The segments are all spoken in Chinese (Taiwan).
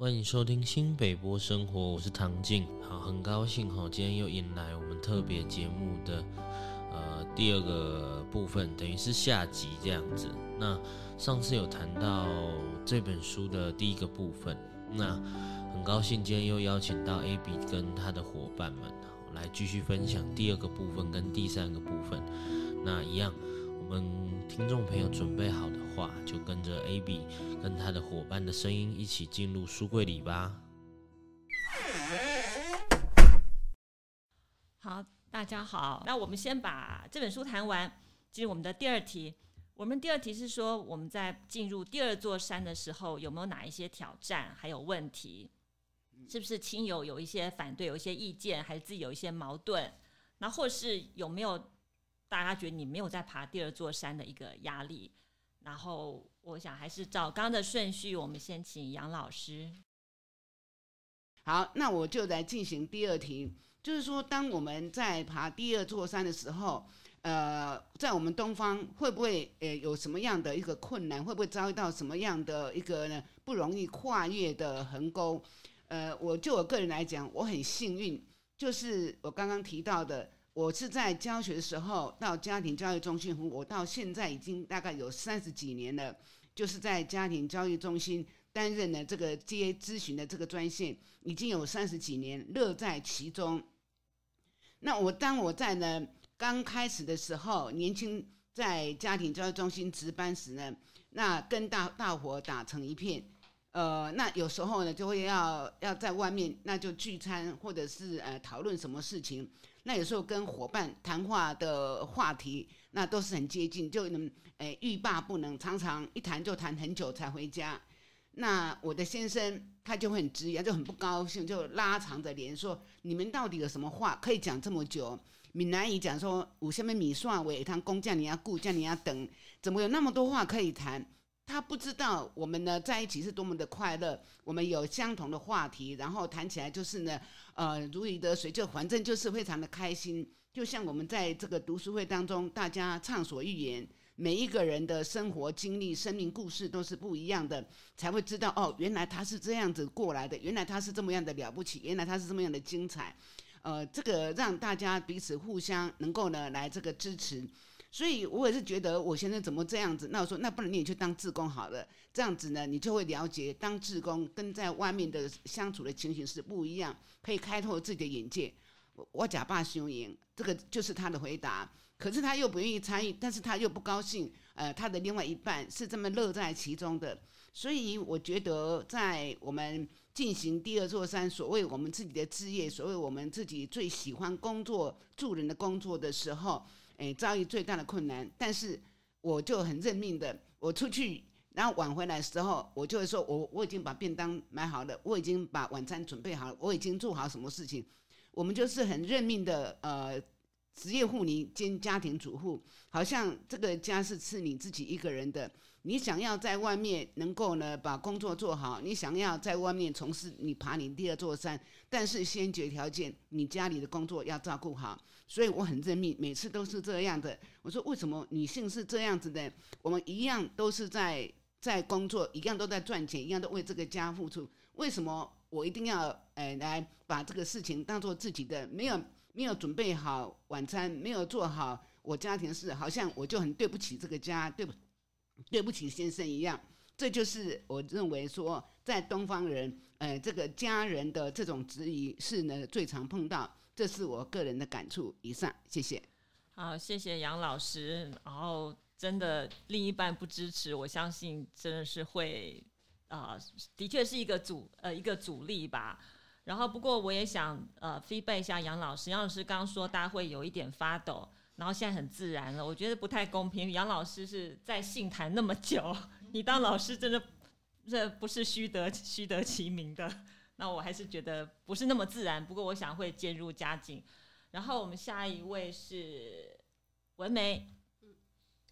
歡迎收聽新北波生活，我是唐靜。好，很高興哈，今天又迎來我們特別節目的呃第二個部分，等於是下集這樣子。那上次有談到這本書的第一個部分，那很高興今天又邀請到 ABBY 跟她的夥伴們來繼續分享第二個部分跟第三個部分，那一樣。我們聽眾朋友準備好的話，就跟着 ABBY 跟他的夥伴的聲音一起進入書會裡吧。好，大家好，那我們先把這本書談完，進入我們的第二題。我們第二題是說，我們在進入第二座山的時候，有沒有哪一些挑戰，還有問題？是不是親友有一些反對，有一些意見，還是自己有一些矛盾？那或是有沒有？大家覺得你沒有在爬第二座山的一個壓力，然後我想還是照剛剛的順序，我們先請楊老師。好，那我就來進行第二題，就是說當我們在爬第二座山的時候，呃，在我們東方會不會呃有什麼樣的一個困難？會不會遭遇到什麼樣的一個呢不容易跨越的鴻溝？呃，我就我個人來講，我很幸運，就是我剛剛提到的。我是在教學的時候到家庭教育中心，我到現在已經大概有三十幾年了，就是在家庭教育中心擔任了這個接諮詢的這個專線，已經有三十幾年，樂在其中。那我當我在呢剛開始的時候，年輕在家庭教育中心值班時呢，那跟大大夥打成一片。呃，那有時候呢，就會要要在外面，那就聚餐，或者是呃討論什麼事情。那有時候跟夥伴談話的話題，那都是很接近，就能誒、呃、欲罷不能，常常一談就談很久才回家。那我的先生他就會很直言，就很不高興，就拉長着臉說：“你們到底有什麼話可以講這麼久？”閩南語講說：“五下面米算，我一趟工匠你要僱，匠你要等，怎麼有那麼多話可以談？”他不知道我們呢在一起是多麼的快樂，我們有相同的話題，然後談起來就是呢，呃，如魚得水，就反正就是非常的開心。就像我們在這個讀書會當中，大家暢所欲言，每一個人的生活經歷、生命故事都是不一樣的，才會知道哦，原來他是這樣子過來的，原來他是這麼樣的了不起，原來他是這麼樣的精彩。呃，這個讓大家彼此互相能夠呢，來這個支持。所以，我也是覺得我先生怎麼這樣子？那我說，那不然你也去當志工好了，這樣子呢，你就會了解當志工跟在外面的相處的情形是不一樣，可以開拓自己的眼界。我假扮雄鷹，這個就是他的回答。可是他又不願意參與，但是他又不高興。呃，他的另外一半是這麼樂在其中的。所以，我覺得在我們進行第二座山，所謂我們自己的職業，所謂我們自己最喜歡工作、助人的工作的時候。哎，遭遇最大的困難，但是我就很認命的，我出去，然後晚回來的時候，我就會說我我已經把便當買好了，我已經把晚餐準備好了，我已經做好什麼事情。我們就是很認命的，呃，職業護理兼家庭主婦，好像這個家是是你自己一個人的。你想要在外面能夠呢把工作做好，你想要在外面從事你爬你第二座山，但是先決條件你家裡的工作要照顧好，所以我很認命，每次都是這樣的。我說為什麼女性是這樣子的？我們一樣都是在在工作，一樣都在賺錢，一樣都為這個家付出，為什麼我一定要哎來把這個事情當做自己的？沒有沒有準備好晚餐，沒有做好我家庭事，好像我就很對不起這個家，對不？對不起，先生一樣，這就是我認為說，在東方人，呃，這個家人的這種質疑是呢最常碰到，這是我個人的感觸。以上，謝謝。好，謝謝楊老師。然後，真的另一半不支持，我相信真的是會啊、呃，的確是一個阻呃一個阻力吧。然後，不過我也想呃 feedback 一下楊老師，楊老師剛剛說大家會有一點發抖。然後現在很自然了，我覺得不太公平。楊老師是在杏壇那麼久，你當老師真的這不是虛得虛得其名的。那我還是覺得不是那麼自然，不過我想會漸入佳境。然後我們下一位是文梅，嗯，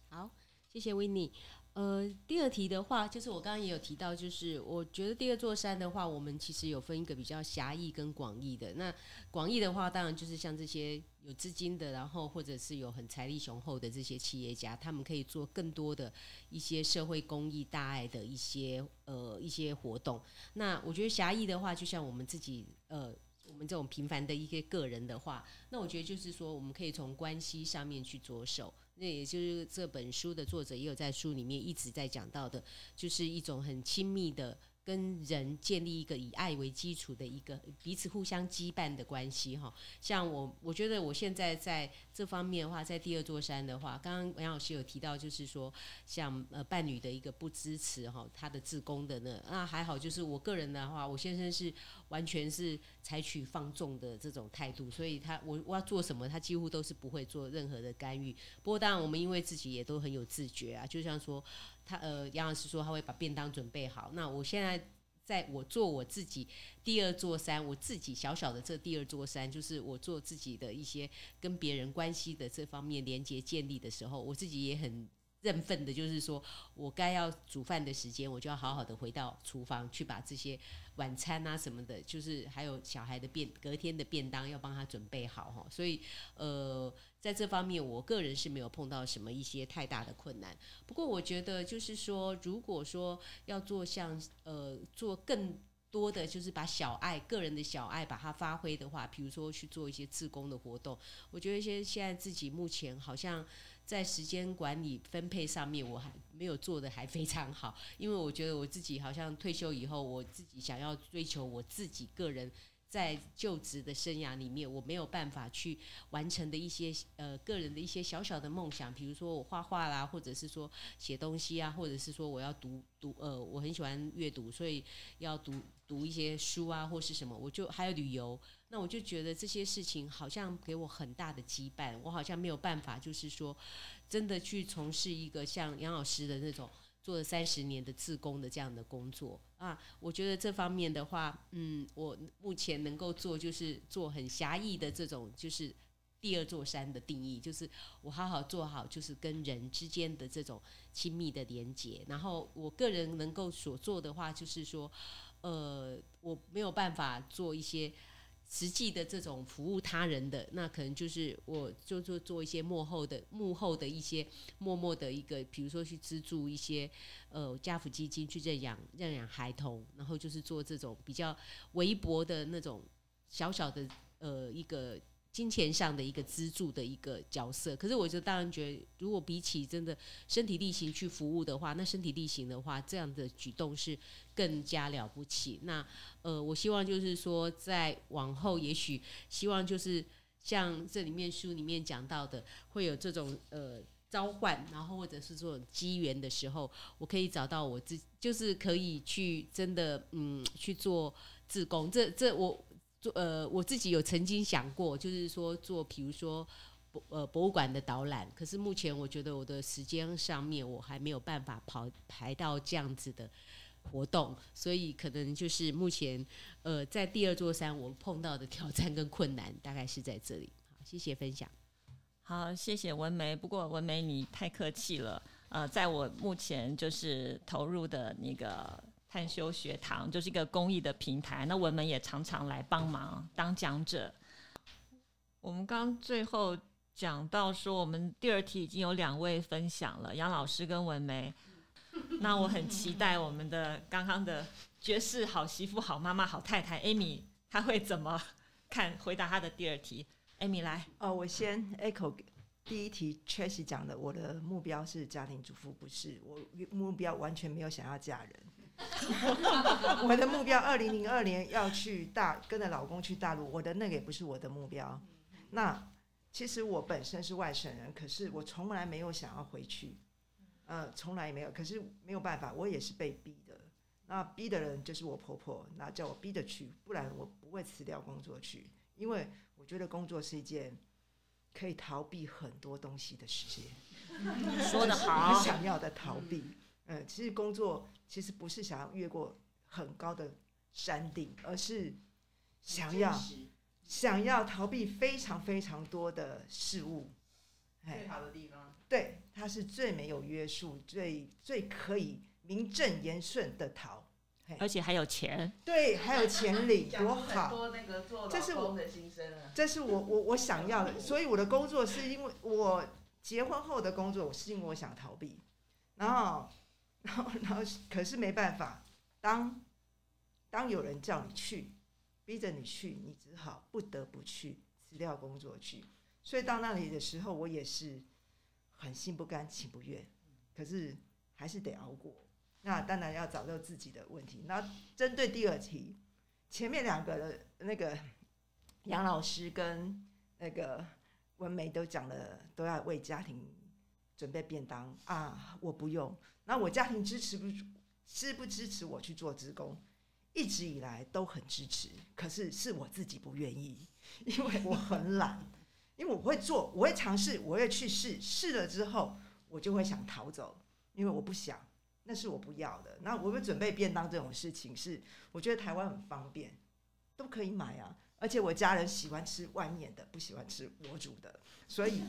好，謝謝維尼。呃，第二題的話，就是我剛剛也有提到，就是我覺得第二座山的話，我們其實有分一個比較狹義跟廣義的。那廣義的話，當然就是像這些有資金的，然後或者是有很財力雄厚的這些企業家，他們可以做更多的一些社會公益、大愛的一些呃一些活動。那我覺得狹義的話，就像我們自己呃，我們這種平凡的一些個、個人的話，那我覺得就是說，我們可以從關係上面去着手。那也就是這本書的作者也有在書裡面一直在講到的，就是一種很親密的。跟人建立一個以愛為基礎的一個彼此互相羈絆的關係，哈，像我，我覺得我現在在這方面的話，在第二座山的話，剛剛楊老師有提到，就是說，像呃伴侶的一個不支持哈，他的志工的呢，那還好，就是我個人的話，我先生是完全是採取放縱的這種態度，所以他我我要做什麼，他幾乎都是不會做任何的干預。不過當然，我們因為自己也都很有自覺啊，就像說。他呃，楊老師說他會把便當準備好。那我現在在我做我自己第二座山，我自己小小的這第二座山，就是我做自己的一些跟別人關係的這方面連接建立的時候，我自己也很。認份的，就是說我該要煮飯的時間，我就要好好的回到廚房去把這些晚餐啊什麼的，就是還有小孩的便隔天的便當要幫他準備好哈。所以呃，在這方面，我個人是沒有碰到什麼一些太大的困難。不過我覺得就是說，如果說要做像呃做更多的，就是把小愛個人的小愛把它發揮的話，比如說去做一些志工的活動，我覺得現現在自己目前好像。在時間管理分配上面，我還沒有做得還非常好，因為我覺得我自己好像退休以後，我自己想要追求我自己個人在就職的生涯裡面，我沒有辦法去完成的一些呃個人的一些小小的夢想，比如說我畫畫啦，或者是說寫東西啊，或者是說我要讀讀呃我很喜歡閱讀，所以要讀讀一些書啊或是什麼，我就還有旅遊。那我就覺得這些事情好像給我很大的羈絆，我好像沒有辦法，就是說，真的去從事一個像楊老師的那種做了三十年的志工的這樣的工作啊。我覺得這方面的話，嗯，我目前能夠做就是做很狹義的這種，就是第二座山的定義，就是我好好做好就是跟人之間的這種親密的連接。然後我個人能夠所做的話，就是說，呃，我沒有辦法做一些。實際的這種服務他人的，那可能就是我就做做一些幕後的幕後的一些默默的一個，比如說去資助一些呃家扶基金去認養認養孩童，然後就是做這種比較微薄的那種小小的呃一個。金錢上的一個資助的一個角色，可是我就當然覺得，如果比起真的身體力行去服務的話，那身體力行的話，這樣的舉動是更加了不起。那呃，我希望就是說，在往後也許希望就是像這裡面書裡面講到的，會有這種呃召喚，然後或者是這種機緣的時候，我可以找到我自己，就是可以去真的嗯去做志工。這這我。呃，我自己有曾經想過，就是說做，比如說博呃博物館的導覽，可是目前我覺得我的時間上面我還沒有辦法跑排到這樣子的活動，所以可能就是目前呃在第二座山我碰到的挑戰跟困難大概是在這裡。好，謝謝分享。好，謝謝文梅。不過文梅你太客氣了，呃，在我目前就是投入的那個。探修學堂就是一個公益的平台，那文梅也常常來幫忙當講者。我們剛最後講到說，我們第二題已經有兩位分享了，楊老師跟文梅。那我很期待我們的剛剛的絕世好媳婦、好媽媽、好太太 Amy，她會怎麼看回答她的第二題？Amy 來。哦，我先 echo 第一題，Chase 講的，我的目標是家庭主婦，不是我目標完全沒有想要嫁人。 我的目標，二零零二年要去大，跟着老公去大陸。我的那個也不是我的目標。那其實我本身是外省人，可是我從來沒有想要回去，呃，從來沒有。可是沒有辦法，我也是被逼的。那逼的人就是我婆婆，那叫我逼着去，不然我不會辭掉工作去。因為我覺得工作是一件可以逃避很多東西的事情。說的好，想要的逃避。 很呃、嗯，其實工作其實不是想要越過很高的山頂，而是想要想要逃避非常非常多的事物。最好的地方，對，它是最沒有約束，最最可以名正言順的逃，而且還有錢。對，還有錢領，多好。很多那個做老公的心聲啊，這是我我我想要的。所以我的工作是因為我結婚後的工作，我是因為我想逃避，然後。然後，然後，可是沒辦法。當當有人叫你去，逼着你去，你只好不得不去辭掉工作去。所以到那裡的時候，我也是很心不甘情不願，可是還是得熬過。那當然要找到自己的問題。那針對第二題，前面兩個的那個楊老師跟那個文梅都講了，都要為家庭。準備便當啊，我不用。那我家庭支持不支不支持我去做職工？一直以來都很支持，可是是我自己不願意，因為我很懶， 因為我會做，我會嘗試，我會去試試了之後，我就會想逃走，因為我不想，那是我不要的。那我們準備便當這種事情，是我覺得台灣很方便，都可以買啊。而且我家人喜歡吃外面的，不喜歡吃我煮的，所以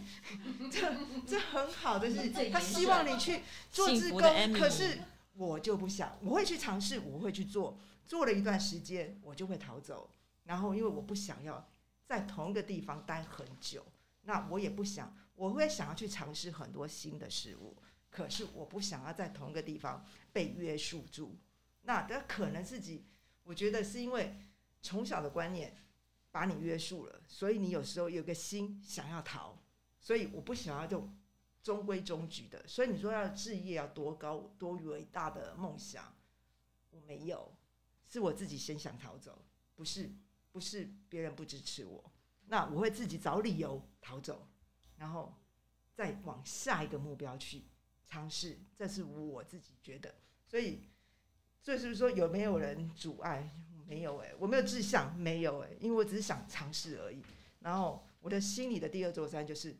這這很好的事情，他希望你去做自個。可是我就不想，我會去嘗試，我會去做，做了一段時間，我就會逃走。然後，因為我不想要在同一個地方待很久，那我也不想，我會想要去嘗試很多新的事物。可是我不想要在同一個地方被約束住。那這可能自己，我覺得是因為從小的觀念。把你約束了，所以你有時候有個心想要逃，所以我不想要就中規中矩的，所以你說要置業要多高多偉大的夢想，我沒有，是我自己先想逃走，不是不是別人不支持我，那我會自己找理由逃走，然後再往下一個目標去嘗試，這是我自己覺得，所以這是不是說有沒有人阻礙？沒有哎、欸，我沒有志向，沒有哎、欸，因為我只是想嘗試而已。然後我的心裡的第二座山就是，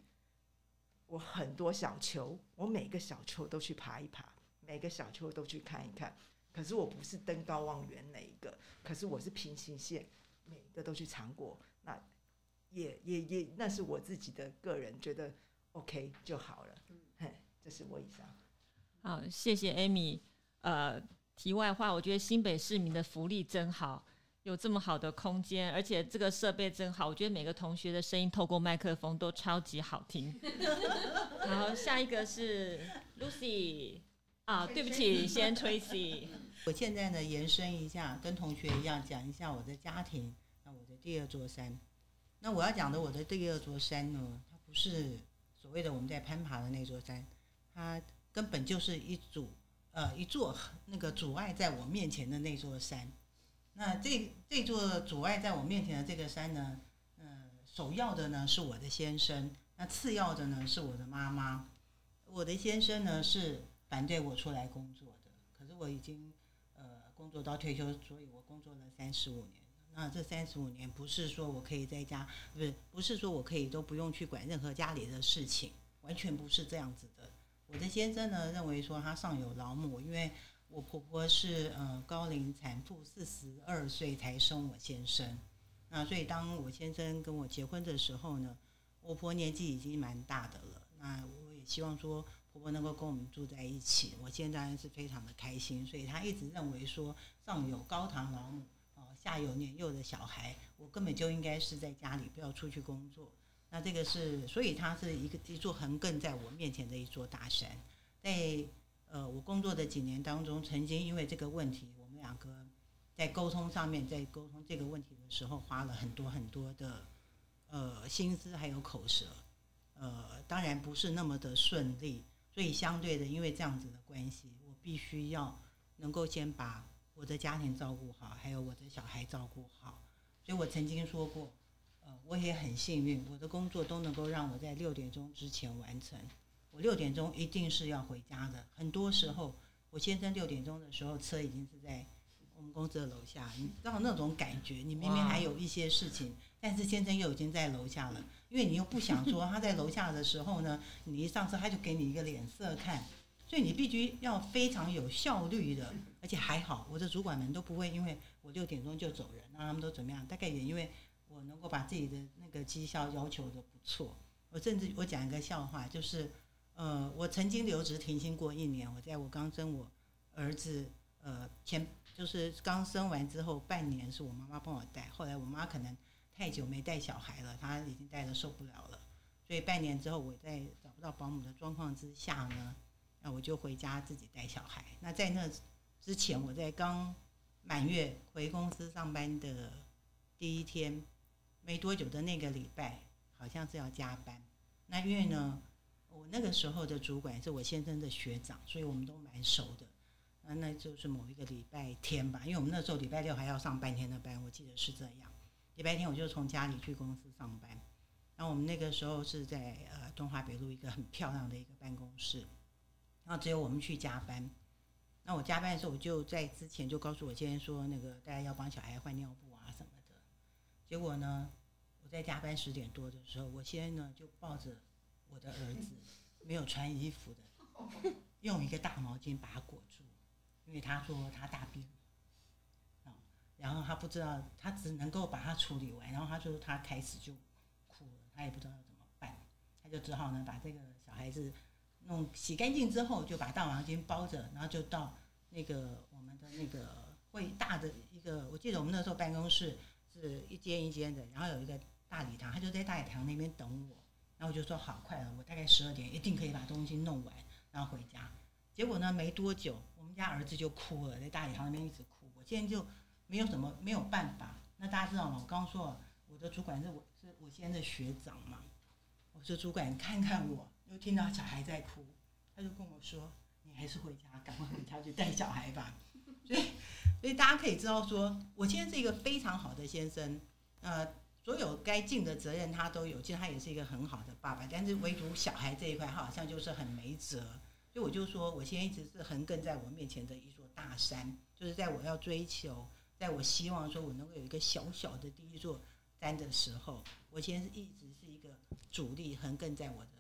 我很多小丘，我每個小丘都去爬一爬，每個小丘都去看一看。可是我不是登高望遠那一個，可是我是平行線，每個都去嘗過。那也也也，那是我自己的個人覺得 OK 就好了。嗯、嘿，這、就是我以上。好，謝謝 Abby。呃。題外話，我覺得新北市民的福利真好，有這麼好的空間，而且這個設備真好。我覺得每個同學的聲音透過麥克風都超級好聽。好， 下一個是 Lucy 啊，對不起，吹先 Tracy。我現在呢延伸一下，跟同學一樣講一下我的家庭。那我的第二座山，那我要講的我的第二座山呢，它不是所謂的我們在攀爬的那座山，它根本就是一組。呃，一座那個阻礙在我面前的那座山。那這這座阻礙在我面前的這個山呢，呃，首要的呢是我的先生，那次要的呢是我的媽媽。我的先生呢是反對我出來工作的，可是我已經呃工作到退休，所以我工作了三十五年。那這三十五年不是說我可以在家，不是不是說我可以都不用去管任何家裡的事情，完全不是這樣子的。我的先生呢，認為說他上有老母，因為我婆婆是呃高齡產婦，四十二歲才生我先生，那所以當我先生跟我結婚的時候呢，我婆年紀已經蠻大的了，那我也希望說婆婆能夠跟我們住在一起，我現在當然是非常的開心，所以他一直認為說上有高堂老母，啊下有年幼的小孩，我根本就應該是在家裡不要出去工作。那這個是，所以它是一個一座橫亙在我面前的一座大山。在呃我工作的幾年當中，曾經因為這個問題，我們兩個在溝通上面，在溝通這個問題的時候，花了很多很多的呃心思，還有口舌。呃，當然不是那麼的順利。所以相對的，因為這樣子的關係，我必須要能夠先把我的家庭照顧好，還有我的小孩照顧好。所以我曾經說過。我也很幸運，我的工作都能夠讓我在六點鐘之前完成。我六點鐘一定是要回家的。很多時候，我先生六點鐘的時候車已經是在我們公司的樓下。你知道那種感覺，你明明還有一些事情，Wow. 但是先生又已經在樓下了，因為你又不想說他在樓下的時候呢，你一上車他就給你一個臉色看。所以你必須要非常有效率的，而且還好，我的主管們都不會因為我六點鐘就走人，然後他們都怎麼樣？大概也因為。我能夠把自己的那個績效要求的不錯。我甚至我講一個笑話，就是，呃，我曾經留職停薪過一年。我在我剛生我兒子，呃，前就是剛生完之後半年，是我媽媽幫我帶。後來我媽可能太久沒帶小孩了，她已經帶的受不了了。所以半年之後，我在找不到保姆的狀況之下呢，那我就回家自己帶小孩。那在那之前，我在剛滿月回公司上班的第一天。沒多久的那個禮拜，好像是要加班。那因為呢，我那個時候的主管是我先生的學長，所以我們都蠻熟的。那那就是某一個禮拜天吧，因為我們那時候禮拜六還要上半天的班，我記得是這樣。禮拜天我就從家裡去公司上班。那我們那個時候是在呃東華北路一個很漂亮的一個辦公室。然後只有我們去加班。那我加班的時候，我就在之前就告訴我先生說，那個大家要幫小孩換尿布啊什麼的。結果呢？在加班十點多的時候，我先呢就抱着我的兒子，沒有穿衣服的，用一個大毛巾把他裹住，因為他說他大便，然後他不知道，他只能夠把他處理完，然後他就他開始就哭了，他也不知道怎麼辦，他就只好呢把這個小孩子弄洗乾淨之後，就把大毛巾包着，然後就到那個我們的那個會大的一個，我記得我們那時候辦公室是一間一間的，然後有一個。大禮堂，他就在大禮堂那邊等我，然後我就說好快了，我大概十二點一定可以把東西弄完，然後回家。結果呢，沒多久，我們家兒子就哭了，在大禮堂那邊一直哭。我現在就沒有什麼，沒有辦法。那大家知道嗎？我剛剛說我的主管是我是我現在的學長嘛？我說主管，你看看我，又聽到小孩在哭，他就跟我說，你還是回家，趕快回家去帶小孩吧。所以，所以大家可以知道說，我今天是一個非常好的先生，呃。所有該盡的責任他都有，其實他也是一個很好的爸爸，但是唯獨小孩這一塊，好像就是很沒轍。所以我就說，我現在一直是很橫亘在我面前的一座大山，就是在我要追求，在我希望說我能夠有一個小小的第一座山的時候，我現在一直是一個阻力橫亘在我的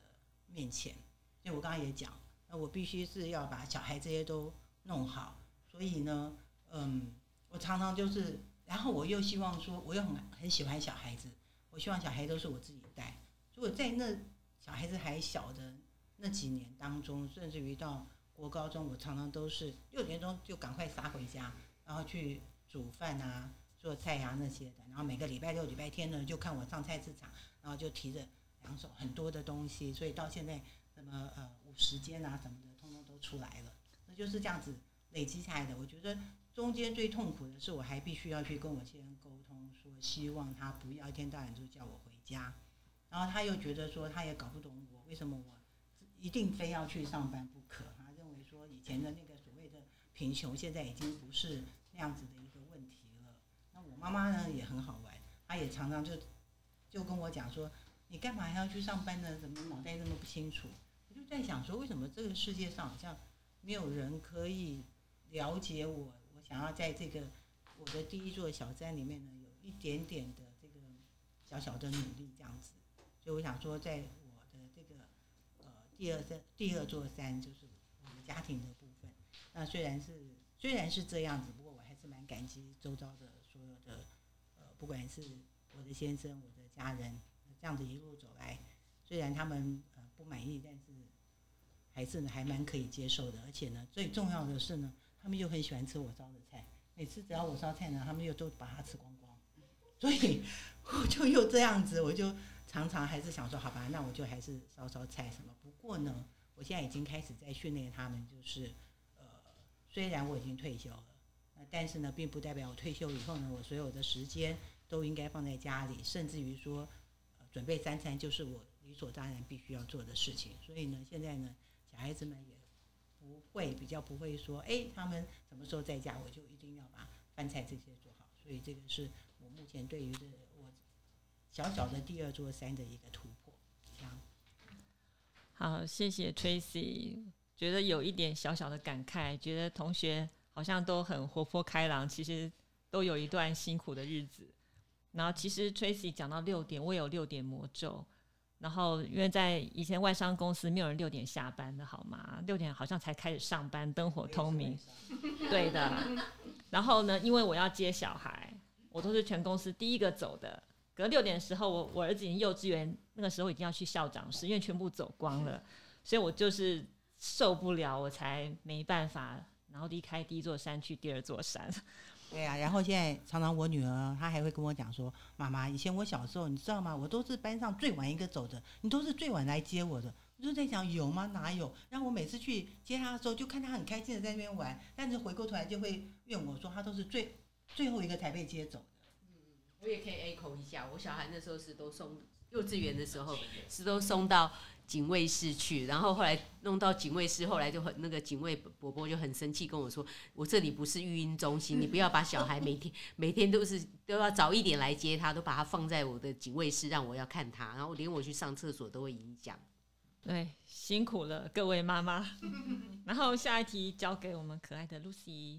面前。所以我剛剛也講，那我必須是要把小孩這些都弄好。所以呢，嗯，我常常就是。然後我又希望說，我又很很喜歡小孩子，我希望小孩都是我自己帶。如果在那小孩子還小的那幾年當中，甚至於到國高中，我常常都是六點鐘就趕快殺回家，然後去煮飯啊、做菜啊那些的。然後每個禮拜六、禮拜天呢，就看我上菜市場，然後就提着兩手很多的東西，所以到現在什麼呃五十肩啊什麼的，通通都出來了。那就是這樣子累積下來的，我覺得。中間最痛苦的是，我還必須要去跟我親人溝通，說希望他不要一天到晚就叫我回家。然後他又覺得說，他也搞不懂我為什麼我一定非要去上班不可。他認為說，以前的那個所謂的貧窮，現在已經不是那樣子的一個問題了。那我媽媽呢也很好玩，她也常常就就跟我講說，你幹嘛還要去上班呢？怎麼腦袋那麼不清楚？我就在想說，為什麼這個世界上好像沒有人可以了解我？想要在這個我的第一座小山裡面呢，有一點點的這個小小的努力這樣子，所以我想說，在我的這個呃第二，第二座第二座山，就是我的家庭的部分。那雖然是雖然是這樣子，不過我還是蠻感激周遭的所有的呃，不管是我的先生、我的家人，這樣子一路走來，雖然他們呃不滿意，但是還是還蠻可以接受的。而且呢，最重要的是呢。他們又很喜歡吃我燒的菜，每次只要我燒菜呢，他們又都把它吃光光，所以我就又這樣子，我就常常還是想說，好吧，那我就還是燒燒菜什麼。不過呢，我現在已經開始在訓練他們，就是呃，雖然我已經退休了，但是呢，並不代表我退休以後呢，我所有的時間都應該放在家裡，甚至於說準備三餐就是我理所當然必須要做的事情。所以呢，現在呢，小孩子們也。不會比較不會說，哎，他們什麼時候在家，我就一定要把飯菜這些做好。所以這個是我目前對於這我小小的第二座山的一個突破。這樣。好，謝謝 Tracy，覺得有一點小小的感慨，覺得同學好像都很活潑開朗，其實都有一段辛苦的日子。然後其實 Tracy 講到六點，我有六點魔咒。然後，因為在以前外商公司沒有人六點下班的。好嗎？六點好像才開始上班，燈火通明，對的。然後呢，因為我要接小孩，我都是全公司第一個走的。隔，六點的時候，我我兒子已經幼稚園，那個時候已經要去校長室，因為全部走光了，是所以我就是受不了，我才沒辦法，然後離開第一座山去第二座山。對啊，然後現在常常我女兒她還會跟我講說：“媽媽，以前我小時候，你知道嗎？我都是班上最晚一個走的，你都是最晚來接我的。”我就在想，有嗎？哪有？然後我每次去接她的時候，就看她很開心的在那邊玩，但是回過頭來就會怨我說，她都是最最後一個才被接走的。嗯，我也可以 echo 一下，我小孩那時候是都送幼稚園的時候是都送到。警衛室去，然後後來弄到警衛室，後來就很那個警衛伯伯就很生氣跟我說：“我這裡不是育嬰中心，你不要把小孩每天每天都是都要早一點來接他，都把他放在我的警衛室，讓我要看他。然後連我去上廁所都會影響。”對，辛苦了各位媽媽。 然後下一題交給我們可愛的 Lucy。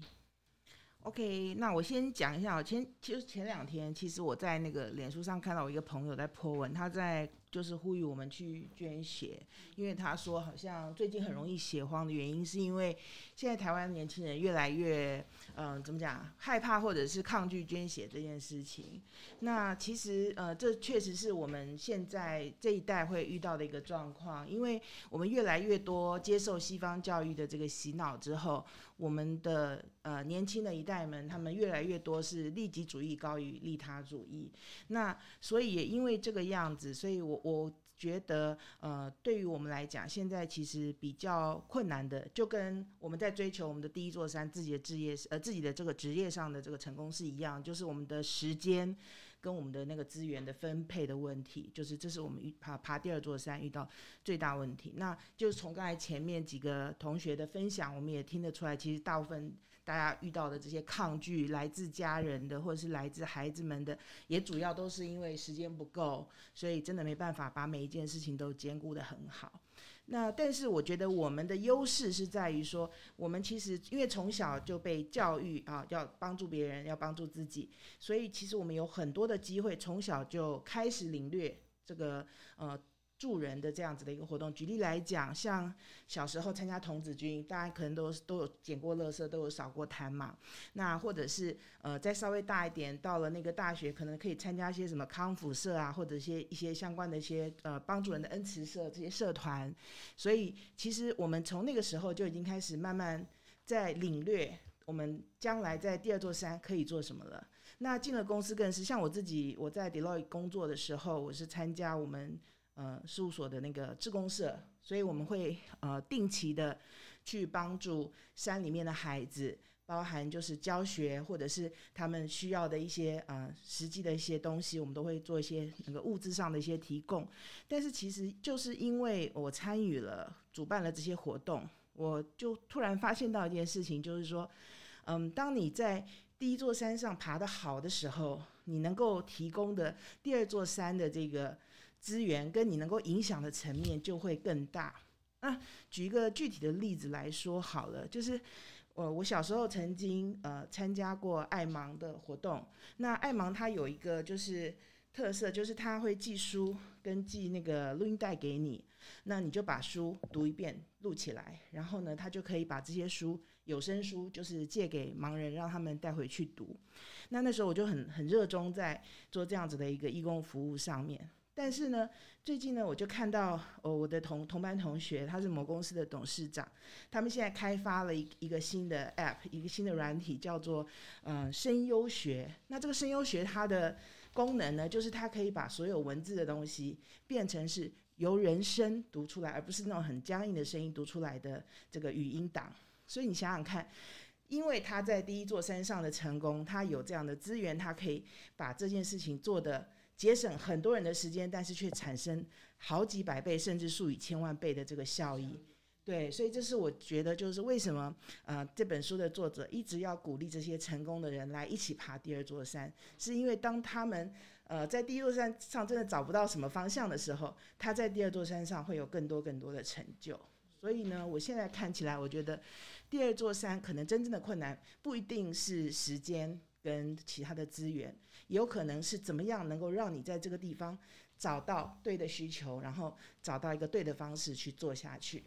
OK，那我先講一下，我前其實前兩天，其實我在那個臉書上看到我一個朋友在 po 文，他在。就是呼籲我們去捐血，因為他說好像最近很容易血荒的原因，是因為現在台灣年輕人越來越。嗯、呃，怎麼講？害怕或者是抗拒捐血這件事情，那其實呃，這確實是我們現在這一代會遇到的一個狀況，因為我們越來越多接受西方教育的這個洗腦之後，我們的呃年輕的一代們，他們越來越多是利己主義高於利他主義，那所以也因為這個樣子，所以我我。覺得，呃，對於我們來講，現在其實比較困難的，就跟我們在追求我們的第一座山，自己的職業，呃，自己的這個職業上的這個成功是一樣，就是我們的時間跟我們的那個資源的分配的問題，就是這是我們遇啊爬，爬第二座山遇到最大問題。那就是從剛才前面幾個同學的分享，我們也聽得出來，其實大部分。大家遇到的這些抗拒，來自家人的或者是來自孩子們的，也主要都是因為時間不夠，所以真的沒辦法把每一件事情都兼顧得很好。那但是我覺得我們的優勢是在於說，我們其實因為從小就被教育啊，要幫助別人，要幫助自己，所以其實我們有很多的機會，從小就開始領略這個呃。助人的這樣子的一個活動，舉例來講，像小時候參加童子軍，大家可能都有都有撿過垃圾，都有掃過攤嘛。那或者是呃，再稍微大一點，到了那個大學，可能可以參加一些什麼康復社啊，或者一些一些相關的一些呃幫助人的恩慈社這些社團。所以其實我們從那個時候就已經開始慢慢在領略我們將來在第二座山可以做什麼了。那進了公司更是，像我自己，我在 Deloitte 工作的時候，我是參加我們。呃，事務所的那個志工社，所以我們會呃定期的去幫助山裡面的孩子，包含就是教學或者是他們需要的一些呃實際的一些東西，我們都會做一些那個物質上的一些提供。但是其實就是因為我參與了主辦了這些活動，我就突然發現到一件事情，就是說，嗯，當你在第一座山上爬得好的時候，你能夠提供的第二座山的這個。資源跟你能夠影響的層面就會更大。那舉一個具體的例子來說好了，就是我我小時候曾經呃參加過愛盲的活動。那愛盲他有一個就是特色，就是他會寄書跟寄那個錄音帶給你，那你就把書讀一遍錄起來，然後呢他就可以把這些書有聲書就是借給盲人讓他們帶回去讀。那那時候我就很很熱衷在做這樣子的一個義工服務上面。但是呢，最近呢，我就看到哦，我的同同班同學，他是某公司的董事長，他們現在開發了一一個新的 app，一個新的軟體，叫做嗯、呃、聲優學。那這個聲優學它的功能呢，就是它可以把所有文字的東西變成是由人聲讀出來，而不是那種很僵硬的聲音讀出來的這個語音檔。所以你想想看，因為他在第一座山上的成功，他有這樣的資源，他可以把這件事情做得。節省很多人的時間，但是卻產生好幾百倍甚至數以千萬倍的這個效益。對，所以這是我覺得，就是為什麼呃這本書的作者一直要鼓勵這些成功的人來一起爬第二座山，是因為當他們呃在第一座山上真的找不到什麼方向的時候，他在第二座山上會有更多更多的成就。所以呢，我現在看起來，我覺得第二座山可能真正的困難不一定是時間跟其他的資源。有可能是怎麼樣能夠讓你在這個地方找到對的需求，然後找到一個對的方式去做下去。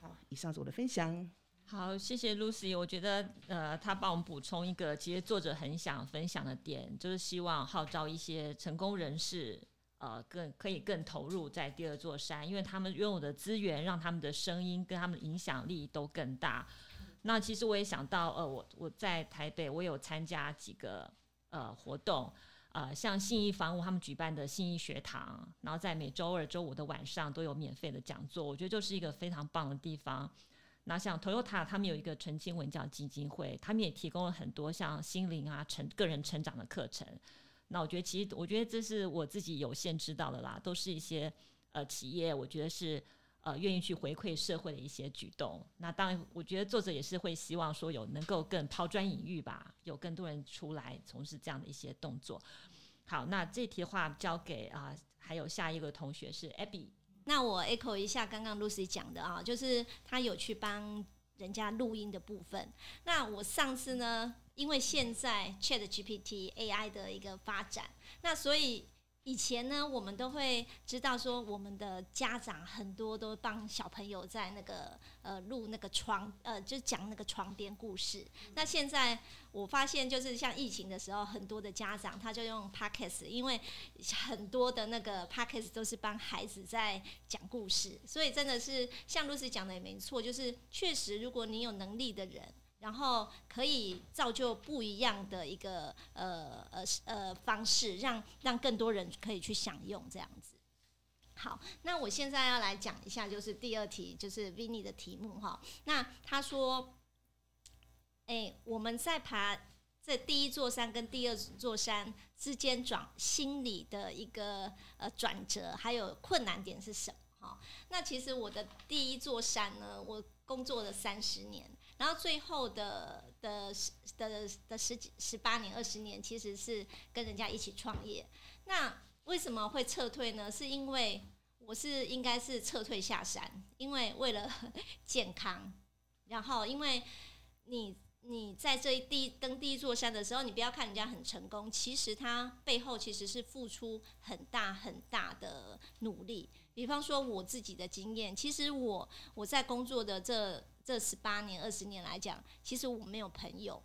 好，以上是我的分享。好，謝謝 Lucy。我覺得呃，他幫我們補充一個，其實作者很想分享的點，就是希望號召一些成功人士，呃，更可以更投入在第二座山，因為他們擁有的資源讓他們的聲音跟他們的影響力都更大。那其實我也想到，呃，我我在台北，我有參加幾個。呃，活動，呃，像信義房屋，他們舉辦的信義學堂，然後在每周二、周五的晚上都有免費的講座，我覺得就是一個非常棒的地方。那像 Toyota，他們有一個澄清文教基金會，他們也提供了很多像心靈啊、成個人成長的課程。那我覺得，其實我覺得這是我自己有限知道的啦，都是一些呃企業，我覺得是。呃，願意去回饋社會的一些舉動。那當然，我覺得作者也是會希望說有能夠更拋磚引玉吧，有更多人出來從事這樣的一些動作。好，那這題的話交給啊、呃，還有下一個同學是 Abby。那我 echo 一下剛剛 Lucy 講的啊，就是他有去幫人家錄音的部分。那我上次呢，因為現在 ChatGPT AI 的一個發展，那所以。以前呢，我們都會知道說，我們的家長很多都幫小朋友在那個呃錄那個床呃，就講那個床邊故事。那現在我發現，就是像疫情的時候，很多的家長他就用 Podcast，因為很多的那個 Podcast 都是幫孩子在講故事，所以真的是像露絲講的也沒錯，就是確實如果你有能力的人。然後可以造就不一樣的一個呃呃呃方式，讓讓更多人可以去享用這樣子。好，那我現在要來講一下，就是第二題，就是 Vinny 的題目哈。那他說，哎、欸，我們在爬這第一座山跟第二座山之間轉心理的一個呃轉折，還有困難點是什麼？哈，那其實我的第一座山呢，我工作了三十年。然後最後的的十的的，的十幾十八年二十年，其實是跟人家一起創業。那為什麼會撤退呢？是因為我是應該是撤退下山，因為為了健康。然後因為你你在這一第一登第一座山的時候，你不要看人家很成功，其實他背後其實是付出很大很大的努力。比方說我自己的經驗，其實我我在工作的這。這十八年，二十年來講，其實我沒有朋友，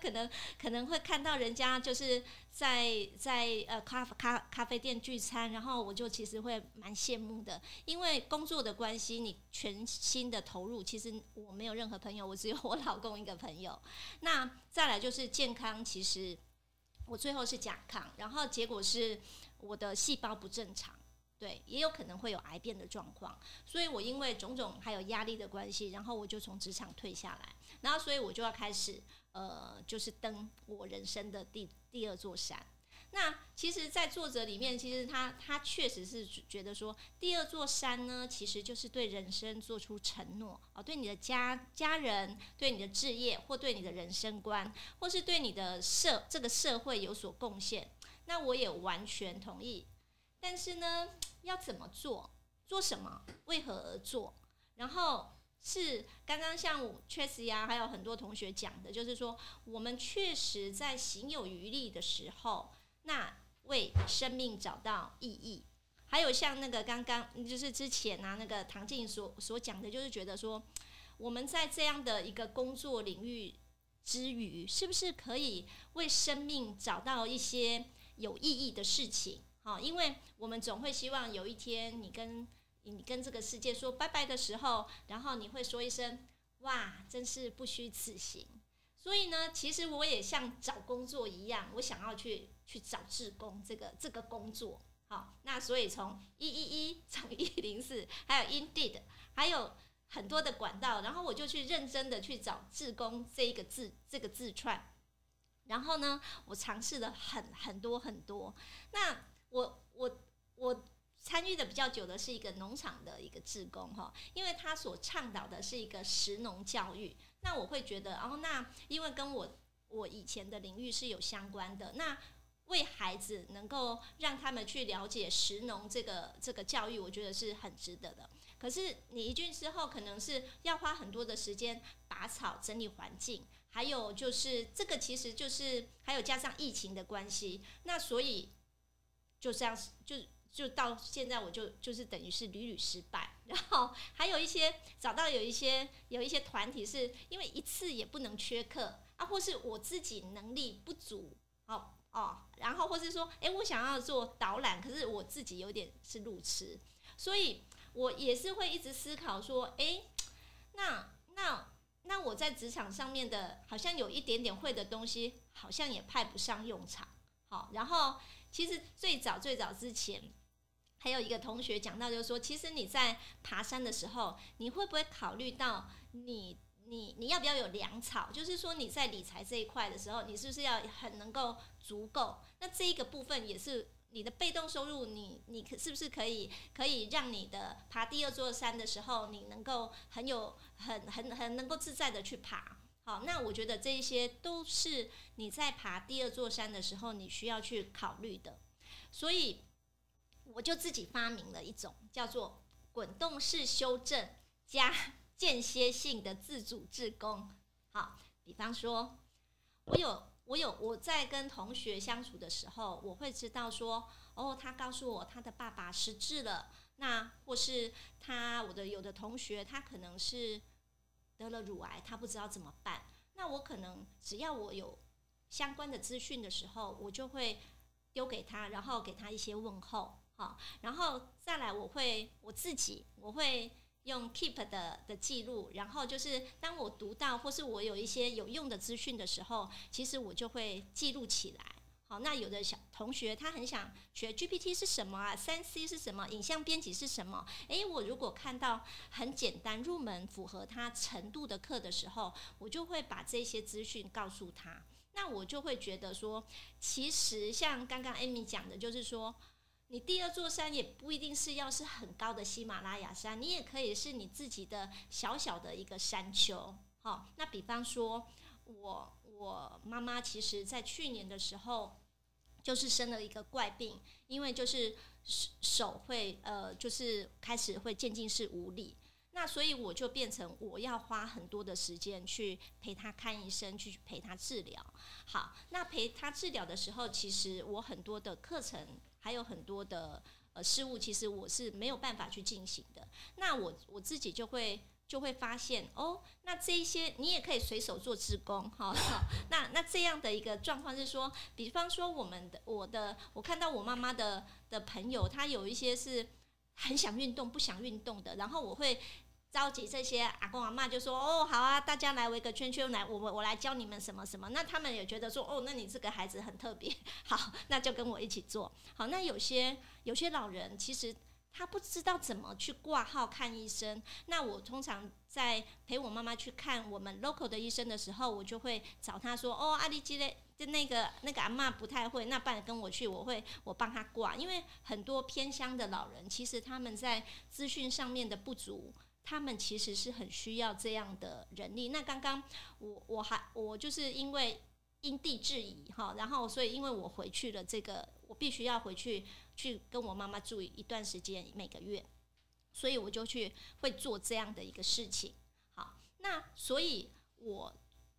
可能可能會看到人家就是在在呃咖咖咖啡店聚餐，然後我就其實會蠻羨慕的，因為工作的關係，你全心的投入。其實我沒有任何朋友，我只有我老公一個朋友。那再來就是健康，其實我最後是甲亢，然後結果是我的細胞不正常。對，也有可能會有癌變的狀況，所以我因為種種還有壓力的關係，然後我就從職場退下來，然後所以我就要開始，呃，就是登我人生的第第二座山。那其實，在作者裡面，其實他他確實是覺得說，第二座山呢，其實就是對人生做出承諾，啊，對你的家家人，對你的事業，或對你的人生觀，或是對你的社這個社會有所貢獻。那我也完全同意。但是呢，要怎麼做？做什麼？為何而做？然後是剛剛像 Tracy 呀，還有很多同學講的，就是說我們確實在行有餘力的時候，那為生命找到意義。還有像那個剛剛就是之前啊，那個唐靜所所講的，就是覺得說我們在這樣的一個工作領域之餘，是不是可以為生命找到一些有意義的事情？好，因為我們總會希望有一天你跟你跟這個世界說拜拜的時候，然後你會說一聲，哇，真是不虛此行。所以呢，其實我也像找工作一樣，我想要去去找志工這個這個工作。好，那所以從一一一從一零四，還有 Indeed，還有很多的管道，然後我就去認真的去找志工這一個字這個字串，然後呢，我嘗試了很很多很多那。我我我參與的比較久的是一個農場的一個志工哈，因為他所倡導的是一個食農教育，那我會覺得哦，那因為跟我我以前的領域是有相關的，那為孩子能夠讓他們去了解食農這個這個教育，我覺得是很值得的。可是你一進去之後，可能是要花很多的時間拔草、整理環境，還有就是這個其實就是還有加上疫情的關係，那所以。就這樣，就就到現在，我就就是等於是屢屢失敗。然後還有一些找到有一些有一些團體，是因為一次也不能缺課啊，或是我自己能力不足，好哦，哦，然後或是說，哎，我想要做導覽，可是我自己有點是路痴，所以我也是會一直思考說，哎，那那那我在職場上面的，好像有一點點會的東西，好像也派不上用場，好，哦，然後。其實最早最早之前，還有一個同學講到，就是說，其實你在爬山的時候，你會不會考慮到你你你要不要有糧草？就是說你在理財這一塊的時候，你是不是要很能夠足夠？那這一個部分也是你的被動收入你，你你是不是可以可以讓你的爬第二座山的時候，你能夠很有很很很能夠自在的去爬？好，那我覺得這些都是你在爬第二座山的時候，你需要去考慮的，所以我就自己發明了一種叫做滾動式修正加間歇性的自主志工。好，比方說，我有我有我在跟同學相處的時候，我會知道說，哦，他告訴我他的爸爸失智了，那或是他我的有的同學他可能是。得了乳癌，他不知道怎麼辦。那我可能只要我有相關的資訊的時候，我就會丟給他，然後給他一些問候，好。然後再來，我會我自己，我會用 keep 的的記錄。然後就是當我讀到或是我有一些有用的資訊的時候，其實我就會記錄起來。好，那有的小同學他很想學 GPT 是什麼啊？3C 是什麼？影像編輯是什麼？誒，我如果看到很簡單入門、符合他程度的課的時候，我就會把這些資訊告訴他。那我就會覺得說，其實像剛剛 Amy 講的，就是說，你第二座山也不一定是要是很高的喜馬拉雅山，你也可以是你自己的小小的一個山丘。好，那比方說我我媽媽其實在去年的時候。就是生了一個怪病，因為就是手手會呃，就是開始會漸進式無力。那所以我就變成我要花很多的時間去陪他看醫生，去陪他治療。好，那陪他治療的時候，其實我很多的課程，還有很多的呃事務，其實我是沒有辦法去進行的。那我我自己就會。就會發現哦，那這一些你也可以隨手做志工，好，好，那那這樣的一個狀況是說，比方說我們的我的，我看到我媽媽的的朋友，他有一些是很想運動不想運動的，然後我會召集這些阿公阿媽，就說哦好啊，大家來圍個圈圈來，我我我來教你們什麼什麼。那他們也覺得說哦，那你這個孩子很特別，好，那就跟我一起做。好，那有些有些老人其實，他不知道怎麼去掛號看醫生。那我通常在陪我媽媽去看我們 local 的醫生的時候，我就會找他說：“哦，阿、啊、弟，基嘞、這個，就那個那個阿嬤不太會，那不然跟我去，我會我幫他掛。”因為很多偏鄉的老人，其實他們在資訊上面的不足，他們其實是很需要這樣的人力。那剛剛我我還我就是因為因地制宜哈，然後所以因為我回去了，這個我必須要回去。去跟我媽媽住一段時間，每個月，所以我就去會做這樣的一個事情。好，那所以我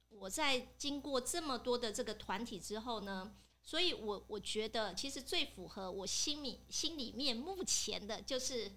我在經過這麼多的這個團體之後呢，所以我，我我覺得其實最符合我心裡心裡面目前的，就是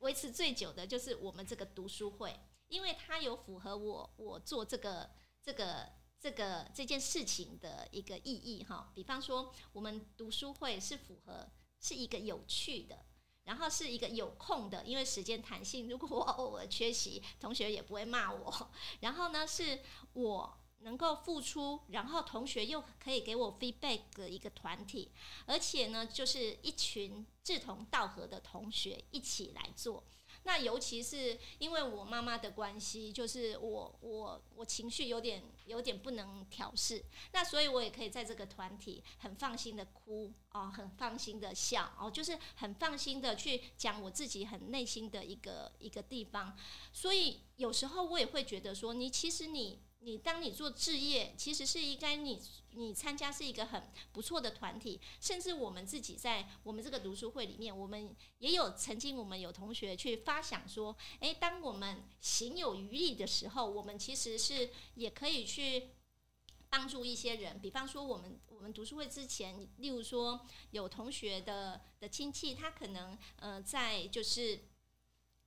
維持最久的，就是我們這個讀書會，因為它有符合我我做這個這個這個這件事情的一個意義哈。比方說，我們讀書會是符合。是一個有趣的，然後是一個有空的，因為時間彈性，如果我偶爾缺席，同學也不會罵我。然後呢，是我能夠付出，然後同學又可以給我 feedback 的一個團體，而且呢，就是一群志同道合的同學一起來做。那尤其是因為我媽媽的關係，就是我我我情緒有點有點不能調適，那所以我也可以在這個團體很放心的哭哦，很放心的笑哦，就是很放心的去講我自己很內心的一個一個地方，所以有時候我也會覺得說，你其實你。你當你做置業，其實是應該你你參加是一個很不錯的團體。甚至我們自己在我們這個讀書會裡面，我們也有曾經我們有同學去發想說，誒，當我們行有餘力的時候，我們其實是也可以去幫助一些人。比方說，我們我們讀書會之前，例如說有同學的的親戚，他可能呃在就是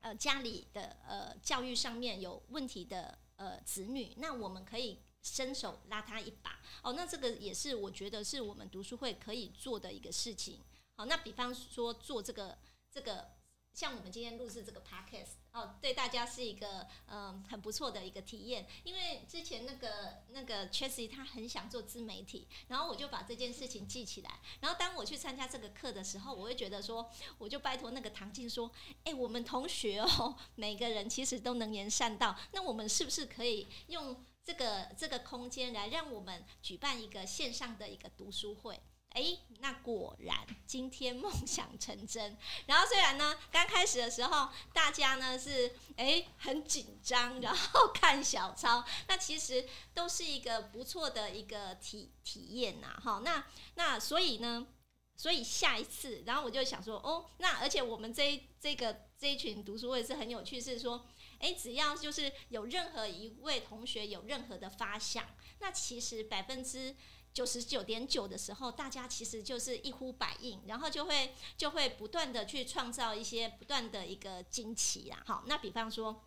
呃家裡的呃教育上面有問題的。呃，子女，那我們可以伸手拉他一把哦。那這個也是我覺得是我們讀書會可以做的一個事情。好、哦，那比方說做這個這個。像我們今天錄製這個 podcast 哦，對大家是一個嗯、呃、很不錯的一個體驗，因為之前那個那個 Chessie 他很想做自媒體，然後我就把這件事情記起來，然後當我去參加這個課的時候，我會覺得說，我就拜托那個唐靜說，哎，我們同學哦，每個人其實都能言善道，那我們是不是可以用這個這個空間來讓我們舉辦一個線上的一個讀書會？哎，那果然今天夢想成真。然後雖然呢，剛開始的時候大家呢是哎很緊張，然後看小抄，那其實都是一個不錯的一個體體驗吶、啊。哈，那那所以呢，所以下一次，然後我就想說，哦，那而且我們這這個這一群讀書會是很有趣，是說。誒，只要就是有任何一位同學有任何的發想，那其實百分之九十九點九的時候，大家其實就是一呼百應，然後就會就會不斷的去創造一些不斷的一個驚奇啦。好，那比方說，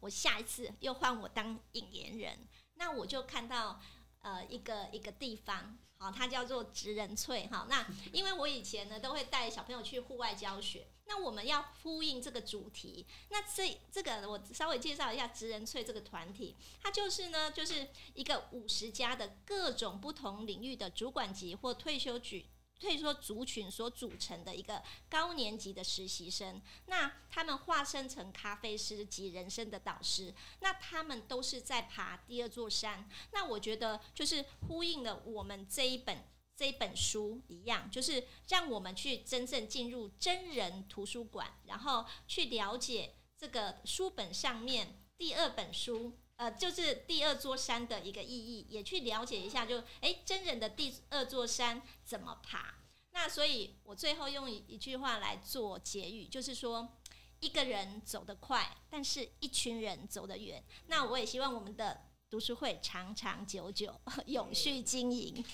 我下一次又換我當引言人，那我就看到呃一個一個地方，好，它叫做職人翠哈。那因為我以前呢都會帶小朋友去戶外教學。那我們要呼應這個主題，那這這個我稍微介紹一下職人粹這個團體，它就是呢，就是一個五十加的各種不同領域的主管級或退休舉，退休族群所組成的一個高年級的實習生，那他們化身成咖啡師及人生的導師，那他們都是在爬第二座山，那我覺得就是呼應了我們這一本。這一本書一樣，就是讓我們去真正進入真人圖書館，然後去了解這個書本上面第二本書，呃，就是第二座山的一個意義，也去了解一下就，就誒，真人的第二座山怎麼爬？那所以我最後用一句話來做結語，就是說，一個人走得快，但是一群人走得遠。那我也希望我們的讀書會長長久久，對永續經營。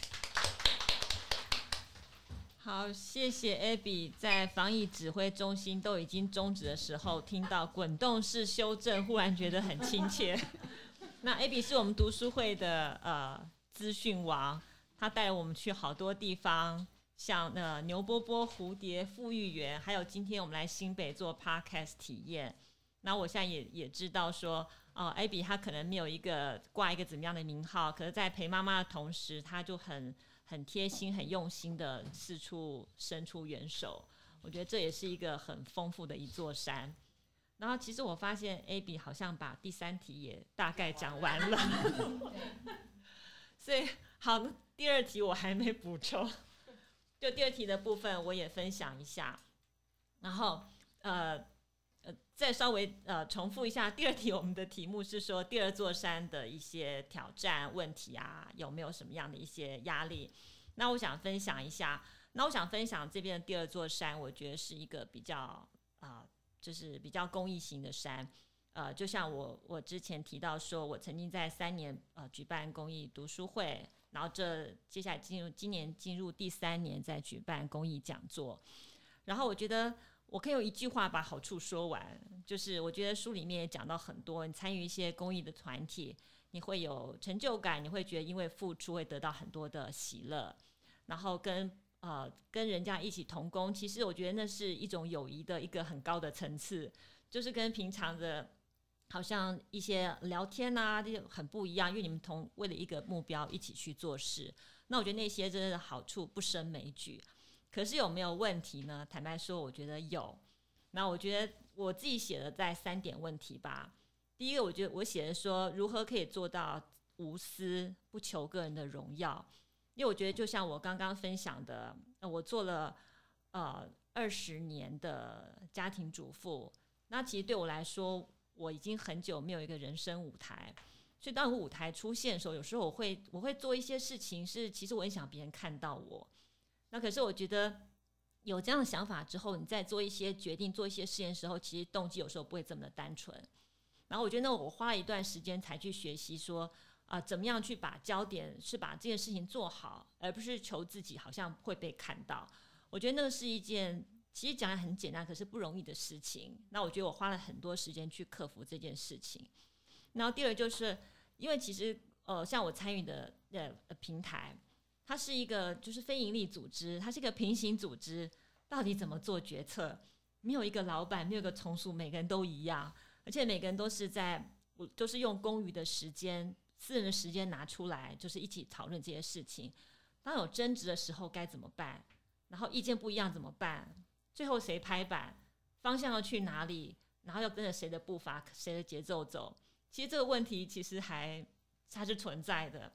好，謝謝 Abby，在防疫指揮中心都已經終止的時候，聽到滾動式修正，忽然覺得很親切。 那 Abby 是我們讀書會的呃資訊王，他帶我們去好多地方，像呃牛波波蝴蝶復育園，還有今天我們來新北做 podcast 體驗。那我現在也也知道說，哦、呃、Abby 他可能沒有一個掛一個怎麼樣的名號，可是，在陪媽媽的同時，他就很。很貼心、很用心的四處伸出援手，我覺得這也是一個很豐富的一座山。然後，其實我發現 Abby 好像把第三題也大概講完了，好啊、 所以好，第二題我還沒補充。就第二題的部分，我也分享一下。然後，呃。再稍微呃重複一下第二題，我們的題目是說第二座山的一些挑戰問題啊，有沒有什麼樣的一些壓力？那我想分享一下，那我想分享這邊的第二座山，我覺得是一個比較啊、呃，就是比較公益型的山。呃，就像我我之前提到說，我曾經在三年呃舉辦公益讀書會，然後這接下來進入今年進入第三年再舉辦公益講座，然後我覺得。我可以用一句話把好處說完，就是我覺得書裡面也講到很多，你參與一些公益的團體，你會有成就感，你會覺得因為付出會得到很多的喜樂，然後跟呃跟人家一起同工，其實我覺得那是一種友誼的一個很高的層次，就是跟平常的好像一些聊天啊這些很不一樣，因為你們同為了一個目標一起去做事，那我覺得那些真的好處不勝枚舉。可是有沒有問題呢？坦白說，我覺得有。那我覺得我自己寫的在三點問題吧。第一個，我覺得我寫的說如何可以做到無私，不求個人的榮耀。因為我覺得，就像我剛剛分享的，我做了呃二十年的家庭主婦。那其實對我來說，我已經很久沒有一個人生舞台。所以當我舞台出現的時候，有時候我會我會做一些事情，是其實我很想別人看到我。那可是我覺得有這樣的想法之後，你在做一些決定、做一些試驗的時候，其實動機有時候不會這麼的單純。然後我覺得那我花了一段時間才去學習說啊、呃，怎麼樣去把焦點是把這件事情做好，而不是求自己好像會被看到。我覺得那個是一件其實講來很簡單，可是不容易的事情。那我覺得我花了很多時間去克服這件事情。然後第二個就是因為其實呃，像我參與的呃平台。它是一個就是非盈利組織，它是一個平行組織，到底怎麼做決策？沒有一個老闆，沒有一個從屬，每個人都一樣，而且每個人都是在都是用公餘的時間、私人的時間拿出來，就是一起討論這些事情。當有爭執的時候該怎麼辦？然後意見不一樣怎麼辦？最後誰拍板？方向要去哪裡？然後要跟着誰的步伐、誰的節奏走？其實這個問題其實還它是存在的。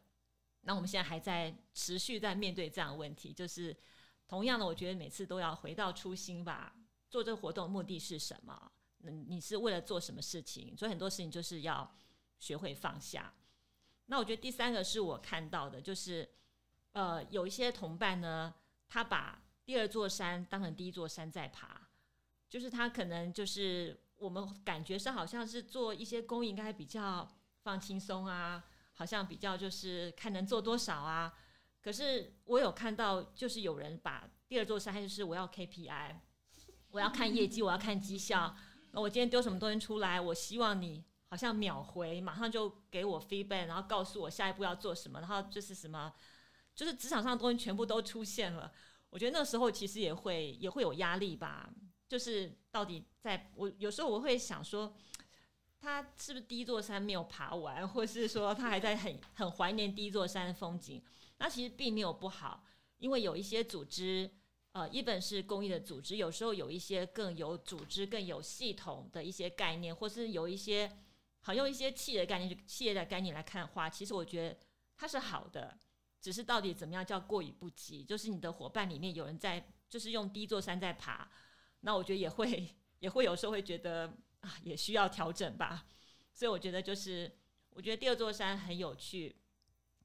那我們現在還在持續在面對這樣的問題，就是同樣的，我覺得每次都要回到初心吧。做這個活動的目的是什麼？你是為了做什麼事情？所以很多事情就是要學會放下。那我覺得第三個是我看到的，就是呃，有一些同伴呢，他把第二座山當成第一座山在爬，就是他可能就是我們感覺上好像是做一些公益，應該比較放輕鬆啊。好像比較就是看能做多少啊，可是我有看到就是有人把第二座山，就是我要 KPI，我要看業績，我要看績效，那我今天丟什麼東西出來，我希望你好像秒回，馬上就給我 feedback，然後告訴我下一步要做什麼，然後就是什麼，就是職場上的東西全部都出現了。我覺得那時候其實也會也會有壓力吧，就是到底在我有時候我會想說。他是不是第一座山沒有爬完，或是說他還在很很懷念第一座山的風景？那其實並沒有不好，因為有一些組織，呃，一本是公益的組織，有時候有一些更有組織、更有系統的一些概念，或是有一些好像用一些企業的概念，企業的概念來看的話，其實我覺得它是好的。只是到底怎麼樣叫過猶不及？就是你的夥伴裡面有人在，就是用第一座山在爬，那我覺得也會也會有時候會覺得。啊，也需要調整吧，所以我覺得就是，我覺得第二座山很有趣，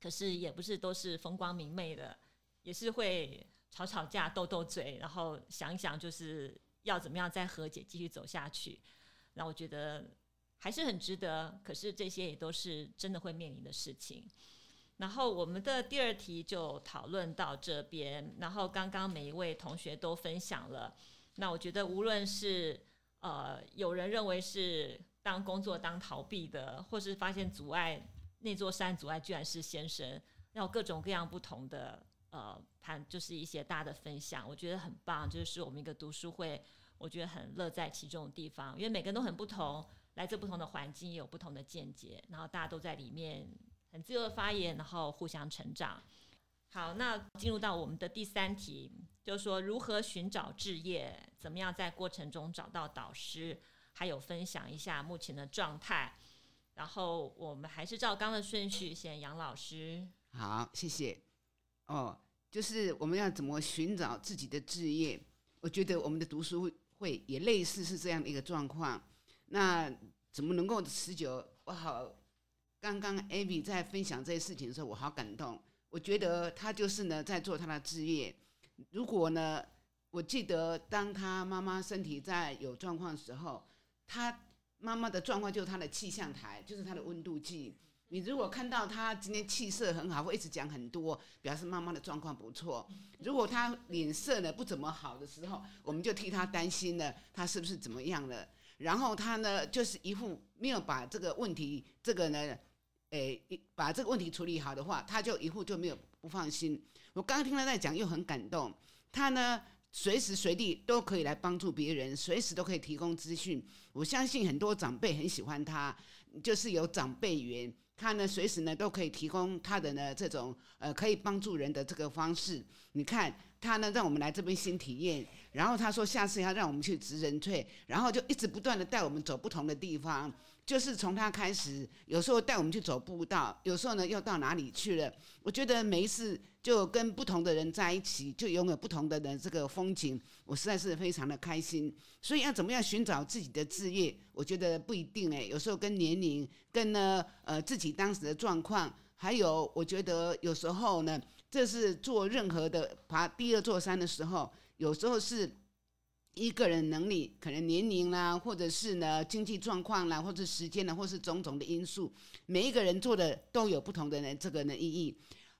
可是也不是都是風光明媚的，也是會吵吵架、鬥鬥嘴，然後想一想就是要怎麼樣再和解、繼續走下去。那我覺得還是很值得，可是這些也都是真的會面臨的事情。然後我們的第二題就討論到這邊，然後剛剛每一位同學都分享了，那我覺得無論是。呃，有人認為是當工作當逃避的，或是發現阻礙那座山阻礙居然是先生，然後各種各樣不同的呃盤，就是一些大的分享，我覺得很棒，就是我們一個讀書會，我覺得很樂在其中的地方，因為每個人都很不同，來自不同的環境，也有不同的見解，然後大家都在裡面很自由的發言，然後互相成長。好，那進入到我們的第三題。就是說，如何尋找志業？怎麼樣在過程中找到導師？還有分享一下目前的狀態。然後我們還是照剛的順序，先楊老師。好，謝謝。哦，就是我們要怎麼尋找自己的志業？我覺得我們的讀書會也類似是這樣的一個狀況。那怎麼能夠持久？我好剛剛 ABBY 在分享這些事情的時候，我好感動。我覺得他就是呢，在做他的志業。如果呢，我記得當他媽媽身體在有狀況的時候，他媽媽的狀況就是他的氣象台，就是他的溫度計。你如果看到他今天氣色很好，會一直講很多，表示媽媽的狀況不錯。如果他臉色呢不怎麼好的時候，我們就替他擔心了，他是不是怎麼樣了？然後他呢，就是一副沒有把這個問題這個呢，誒、哎，一把這個問題處理好的話，他就一副就沒有不放心。我剛剛聽到他在講，又很感動。他呢，隨時隨地都可以來幫助別人，隨時都可以提供資訊。我相信很多長輩很喜歡他，就是有長輩緣。他呢，隨時呢都可以提供他的呢這種呃可以幫助人的這個方式。你看他呢，讓我們來這邊先體驗，然後他說下次要讓我們去植人退，然後就一直不斷的帶我們走不同的地方。就是從他開始，有時候帶我們去走步道，有時候呢又到哪裡去了？我覺得沒事。就跟不同的人在一起，就擁有不同的人這個風景，我實在是非常的開心。所以要怎麼樣尋找自己的職業，我覺得不一定哎、欸，有時候跟年齡，跟呢呃自己當時的狀況，還有我覺得有時候呢，這是做任何的爬第二座山的時候，有時候是一個人能力，可能年齡啦，或者是呢經濟狀況啦，或者是時間呢，或者是種種的因素，每一個人做的都有不同的人這個呢意義。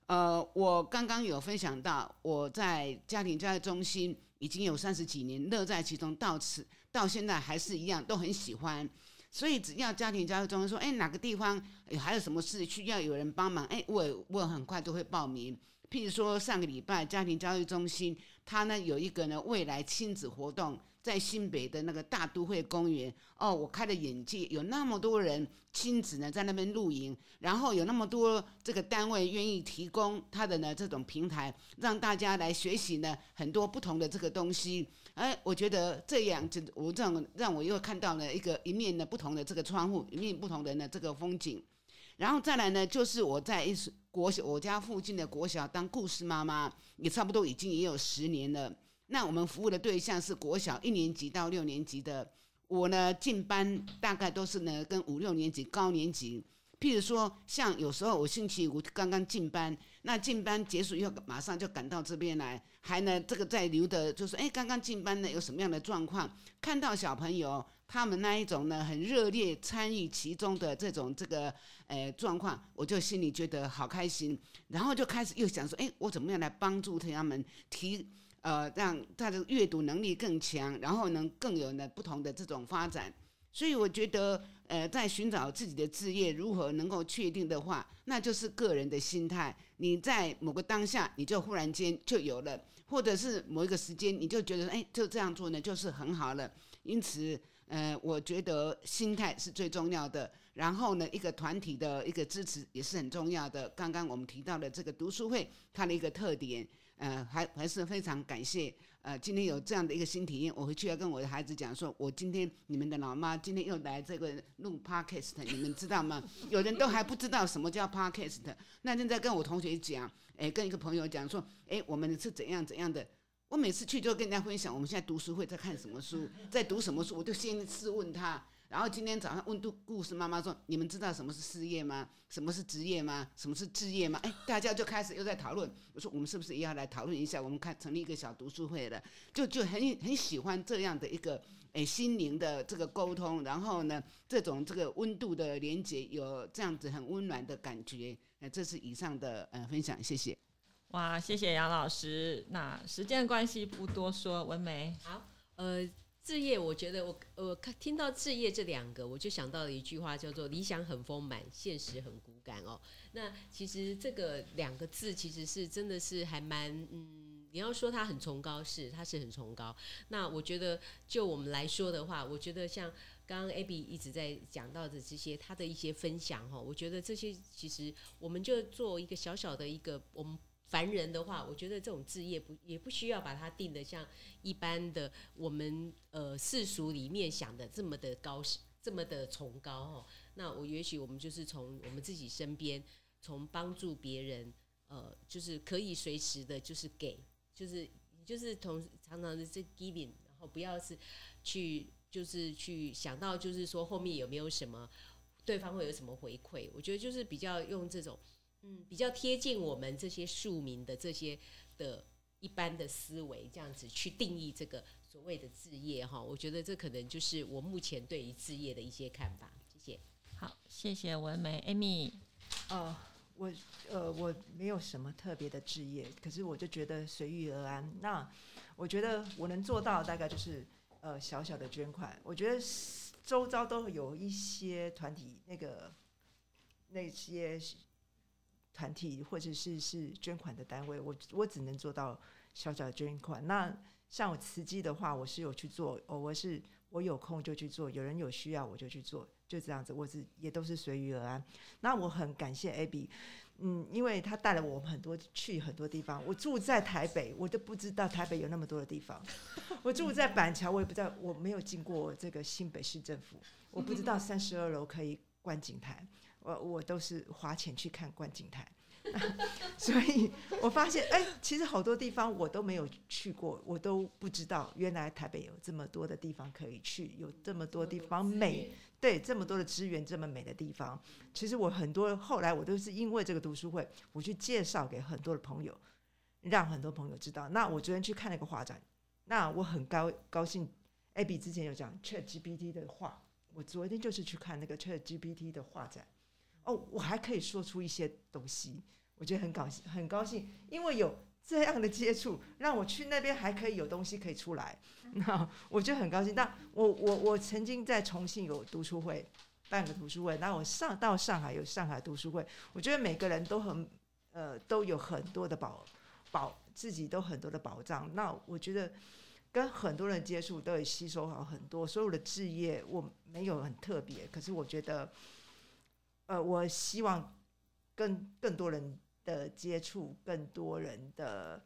呃，我剛剛有分享到，我在家庭教育中心已經有三十幾年，樂在其中，到此到現在還是一樣，都很喜歡。所以只要家庭教育中心說，哎，哪個地方還有什麼事需要有人幫忙，哎，我我很快就會報名。譬如說上個禮拜家庭教育中心，他呢有一個呢未來親子活動。在新北的那個大都會公園哦，我開了眼界，有那麼多人親子呢在那邊露營，然後有那麼多這個單位願意提供他的呢這種平台，讓大家來學習呢很多不同的這個東西。哎，我覺得這樣就我這樣讓我又看到了一個一面的不同的這個窗戶，一面不同的呢這個風景。然後再來呢，就是我在一所國小，我家附近的國小當故事媽媽，也差不多已經也有十年了。那我們服務的對象是國小一年級到六年級的。我呢進班大概都是呢跟五六年級高年級，譬如說像有時候我星期五剛剛進班，那進班結束以後馬上就趕到這邊來，還呢這個在留的就是哎剛剛進班呢有什麼樣的狀況，看到小朋友他們那一種呢很熱烈參與其中的這種這個呃狀況，我就心裡覺得好開心，然後就開始又想說哎我怎麼樣來幫助他們提。呃，讓他的閱讀能力更強，然後能更有呢不同的這種發展。所以我覺得，呃，在尋找自己的職業如何能夠確定的話，那就是個人的心態。你在某個當下，你就忽然間就有了，或者是某一個時間，你就覺得，哎，就這樣做呢，就是很好了。因此，呃，我覺得心態是最重要的。然後呢，一個團體的一個支持也是很重要的。剛剛我們提到了這個讀書會，它的一個特點。呃，還還是非常感謝。呃，今天有這樣的一個新體驗，我回去要跟我的孩子講說，我今天你們的老媽今天又來這個錄 podcast，你們知道嗎？有人都還不知道什麼叫 podcast。那天在跟我同學講，哎、欸，跟一個朋友講說，哎、欸，我們是怎樣怎樣的。我每次去都跟人家分享，我們現在讀書會在看什麼書，在讀什麼書，我就先試問他。然後今天早上溫度故事媽媽說：“你們知道什麼是事業嗎？什麼是職業嗎？什麼是志業嗎？”哎，大家就開始又在討論。我說：“我們是不是也要來討論一下？我們開成立一個小讀書會了，就就很很喜歡這樣的一個哎心靈的這個溝通，然後呢，這種這個溫度的連接，有這樣子很溫暖的感覺。那這是以上的呃分享，謝謝。”哇，謝謝楊老師。那時間關係不多說，文美。好，呃。事業，我覺得我我聽到“事業”這兩個，我就想到了一句話，叫做“理想很豐滿，現實很骨感”哦。那其實這個兩個字其實是真的是還蠻，嗯，你要說它很崇高是，它是很崇高。那我覺得就我們來說的話，我覺得像剛剛 ABBY 一直在講到的這些，他的一些分享哈、哦，我覺得這些其實我們就做一個小小的一個我們。凡人的話，我覺得這種志業，不也不需要把它定得像一般的我們呃世俗裡面想的這麼的高，這麼的崇高哦。那我也許我們就是從我們自己身邊，從幫助別人，呃，就是可以隨時的，就是給，就是就是從常常的這 giving，然後不要是去就是去想到就是說後面有沒有什麼對方會有什麼回饋。我覺得就是比較用這種。嗯，比較貼近我們這些庶民的這些的一般的思維，這樣子去定義這個所謂的置業哈，我覺得這可能就是我目前對於置業的一些看法。謝謝。好，謝謝文梅 Amy。呃，呃，我呃我沒有什麼特別的置業，可是我就覺得隨遇而安。那我覺得我能做到大概就是呃小小的捐款。我覺得周遭都有一些團體，那個那些。團體或者是是捐款的單位，我我只能做到小小捐款。那像我慈濟的話，我是有去做哦，我是我有空就去做，有人有需要我就去做，就這樣子。我是也都是隨遇而安。那我很感謝 Abby，嗯，因為他帶了我們很多去很多地方。我住在台北，我都不知道台北有那麼多的地方。我住在板橋，我也不知道，我沒有經過這個新北市政府，我不知道三十二樓可以觀景台。我我都是花錢去看觀景台，所以我發現哎、欸，其實好多地方我都沒有去過，我都不知道原來台北有這麼多的地方可以去，有這麼多地方美，對，這麼多的資源，這麼美的地方。其實我很多後來我都是因為這個讀書會，我去介紹給很多的朋友，讓很多朋友知道。那我昨天去看那個畫展，那我很高高興。Abby 之前有講 ChatGPT 的畫，我昨天就是去看那個 ChatGPT 的畫展。哦，我還可以說出一些東西，我覺得很高興，很高興，因為有這樣的接觸，讓我去那邊還可以有東西可以出來，那我就很高興。那我我我曾經在重慶有讀書會，辦個讀書會，那我上到上海有上海讀書會，我覺得每個人都很呃都有很多的保保自己都很多的保障。那我覺得跟很多人接觸，都會吸收好很多。所以我的職業我沒有很特別，可是我覺得。呃，我希望跟更多人的接觸，更多人的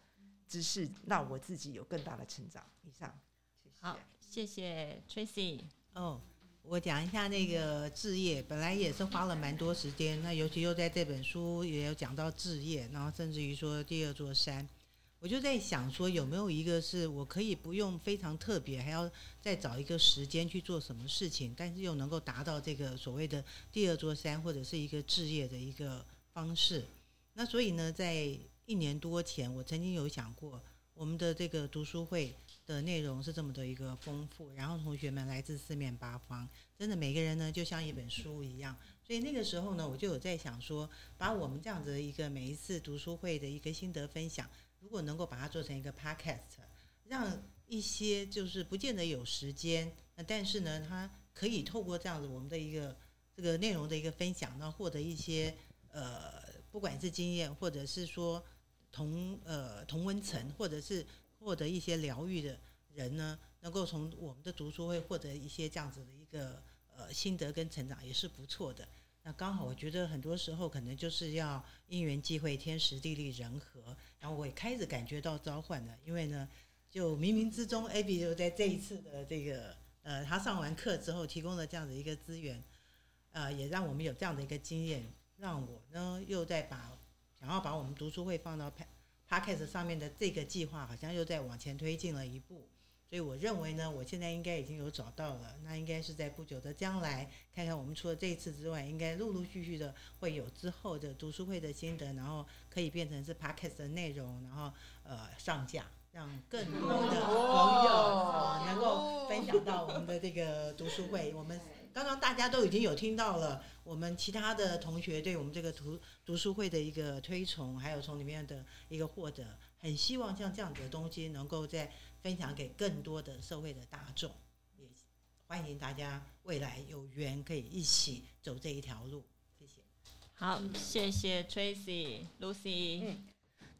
知識，讓我自己有更大的成長。以上，謝謝。好，謝謝 Tracy。哦，oh, 我講一下那個志業，本來也是花了蠻多時間，那尤其又在這本書也有講到志業，然後甚至於說第二座山。我就在想說，有沒有一個是我可以不用非常特別，還要再找一個時間去做什麼事情，但是又能夠達到這個所謂的第二座山或者是一個置業的一個方式。那所以呢，在一年多前，我曾經有想過，我們的這個讀書會的內容是這麼的一個豐富，然後同學們來自四面八方，真的每個人呢就像一本書一樣。所以那個時候呢，我就有在想說，把我們這樣子的一個每一次讀書會的一個心得分享。如果能夠把它做成一個 podcast，讓一些就是不見得有時間，但是呢，他可以透過這樣子我們的一個這個內容的一個分享，然後獲得一些呃，不管是經驗，或者是說同呃同溫層，或者是獲得一些療癒的人呢，能夠從我們的讀書會獲得一些這樣子的一個呃心得跟成長，也是不錯的。那剛好，我覺得很多時候可能就是要因緣際會、天時地利人和。然後我也開始感覺到召喚了，因為呢，就冥冥之中，Abby 就在這一次的這個，呃，他上完課之後提供了這樣的一個資源，呃，也讓我們有這樣的一個經驗，讓我呢又在把想要把我們讀書會放到 podcast 上面的這個計劃，好像又在往前推進了一步。所以我認為呢，我現在應該已經有找到了，那應該是在不久的將來，看看我們除了這一次之外，應該陸陸續續的會有之後的讀書會的心得，然後可以變成是 podcast 的內容，然後呃上架，讓更多的朋友能夠分享到我們的這個讀書會。我們剛剛大家都已經有聽到了，我們其他的同學對我們這個讀讀書會的一個推崇，還有從裡面的一個獲得。很希望像這樣子的東西能夠再分享給更多的社會的大眾，也歡迎大家未來有緣可以一起走這一條路。謝謝。好，謝謝 Tracy Lucy。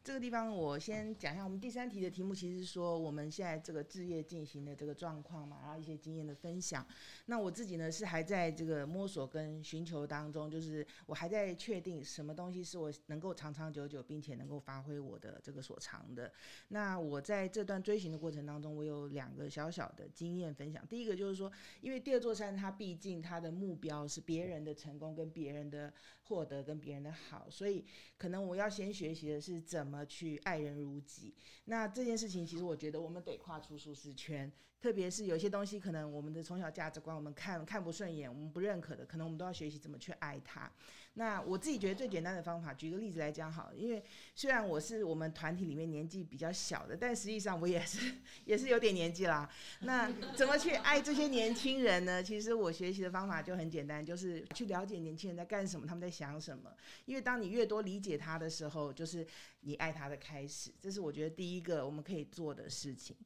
這個地方我先講一下，我們第三題的題目其實說我們現在這個置業進行的這個狀況嘛，然後一些經驗的分享。那我自己呢是還在這個摸索跟尋求當中，就是我還在確定什麼東西是我能夠長長久久並且能夠發揮我的這個所長的。那我在這段追尋的過程當中，我有兩個小小的經驗分享。第一個就是說，因為第二座山它畢竟它的目標是別人的成功跟別人的。獲得跟別人的好，所以可能我要先學習的是怎麼去愛人如己。那這件事情，其實我覺得我們得跨出舒適圈，特別是有些東西，可能我們的從小價值觀，我們看看不順眼，我們不認可的，可能我們都要學習怎麼去愛他。那我自己覺得最簡單的方法，舉個例子來講好了，因為雖然我是我們團體裡面年紀比較小的，但實際上我也是也是有點年紀啦。那怎麼去愛這些年輕人呢？其實我學習的方法就很簡單，就是去了解年輕人在幹什麼，他們在想什麼。因為當你越多理解他的時候，就是你愛他的開始。這是我覺得第一個我們可以做的事情。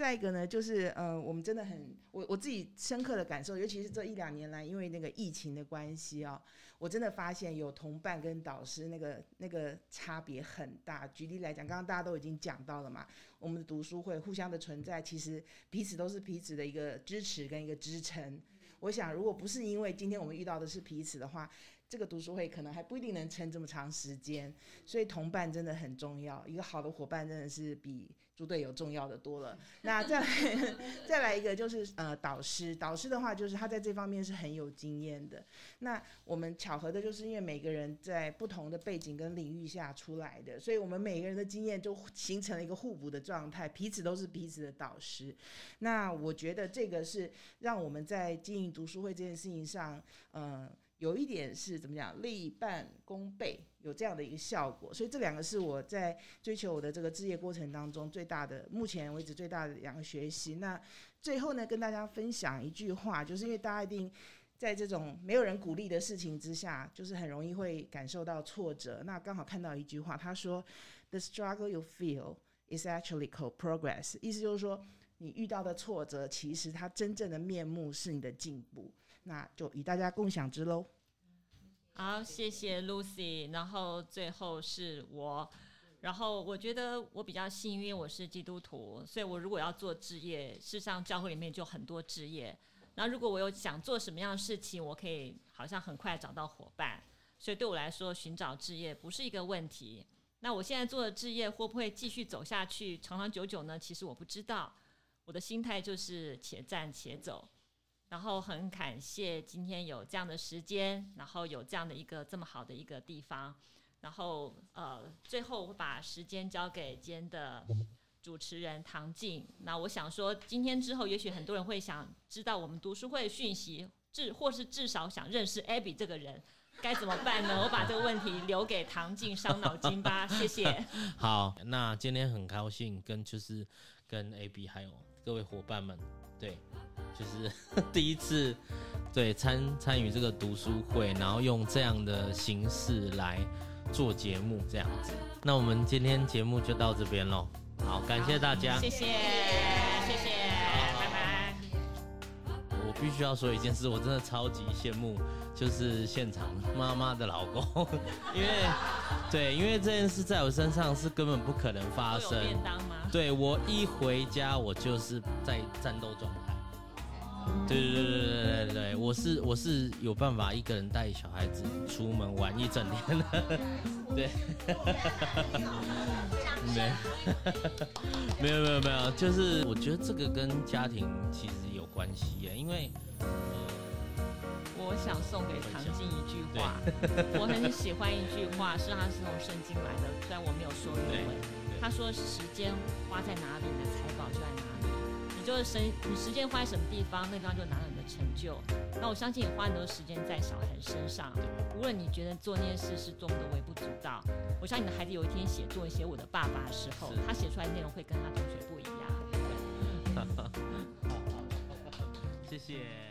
再一個呢，就是呃，我們真的很，我我自己深刻的感受，尤其是這一兩年來，因為那個疫情的關係啊、哦，我真的發現有同伴跟導師那個那個差別很大。舉例來講，剛剛大家都已經講到了嘛，我們的讀書會互相的存在，其實彼此都是彼此的一個支持跟一個支撐。我想，如果不是因為今天我們遇到的是彼此的話，這個讀書會可能還不一定能撐這麼長時間。所以，同伴真的很重要，一個好的夥伴真的是比。豬隊友重要的多了， 那再來 再來一個就是呃導師，導師的話就是他在這方面是很有經驗的。那我們巧合的就是因為每個人在不同的背景跟領域下出來的，所以我們每個人的經驗就形成了一個互補的狀態，彼此都是彼此的導師。那我覺得這個是讓我們在經營讀書會這件事情上，嗯。有一點是怎麼講，力半功倍有這樣的一個效果，所以這兩個是我在追求我的這個職業過程當中最大的，目前為止最大的兩個學習。那最後呢，跟大家分享一句話，就是因為大家一定在這種沒有人鼓勵的事情之下，就是很容易會感受到挫折。那剛好看到一句話，他說：“The struggle you feel is actually called progress.” 意思就是說，你遇到的挫折，其實它真正的面目是你的進步。那就與大家共享之嘍。好，謝謝 Lucy。然後最後是我，然後我覺得我比較幸運，我是基督徒，所以我如果要做職業，事實上教會裡面就很多職業。那如果我有想做什麼樣的事情，我可以好像很快找到夥伴，所以對我來說尋找職業不是一個問題。那我現在做的職業會不會繼續走下去，長長久久呢？其實我不知道。我的心態就是且戰且走。然後很感謝今天有這樣的時間，然後有這樣的一個這麼好的一個地方，然後呃，最後我把時間交給今天的主持人唐靜。那我想說，今天之後，也許很多人會想知道我們讀書會訊息，至或是至少想認識 Abby 這個人，該怎麼辦呢？我把這個問題留給唐靜傷腦筋吧。 謝謝。好，那今天很高興跟就是跟 Abby 還有各位夥伴們。對，就是第一次對參參與這個讀書會，然後用這樣的形式來做節目這樣子。那我們今天節目就到這邊咯。好，感謝大家，謝謝。必須要說一件事，我真的超級羨慕，就是現場媽媽的老公，因為，對，因為這件事在我身上是根本不可能發生。對，我一回家，我就是在戰鬥狀態。對對對對對對對，我是我是有辦法一個人帶小孩子出門玩一整天的，對。沒， 沒有沒有沒有，就是我覺得這個跟家庭其實有關係耶，因為，嗯，我想送給唐進一句話，很 我很喜歡一句話，是他是從聖經來的，雖然我沒有說原文，對他說時間花在哪裡呢，你的財寶就在哪裡。你就是生，你時間花在什麼地方，那地方就拿了你的成就。那我相信你花很多時間在小孩身上，無論你覺得做這件事是多麼的微不足道，我相信你的孩子有一天寫作文寫我的爸爸的時候，他寫出來的內容會跟他同學不一樣。謝謝。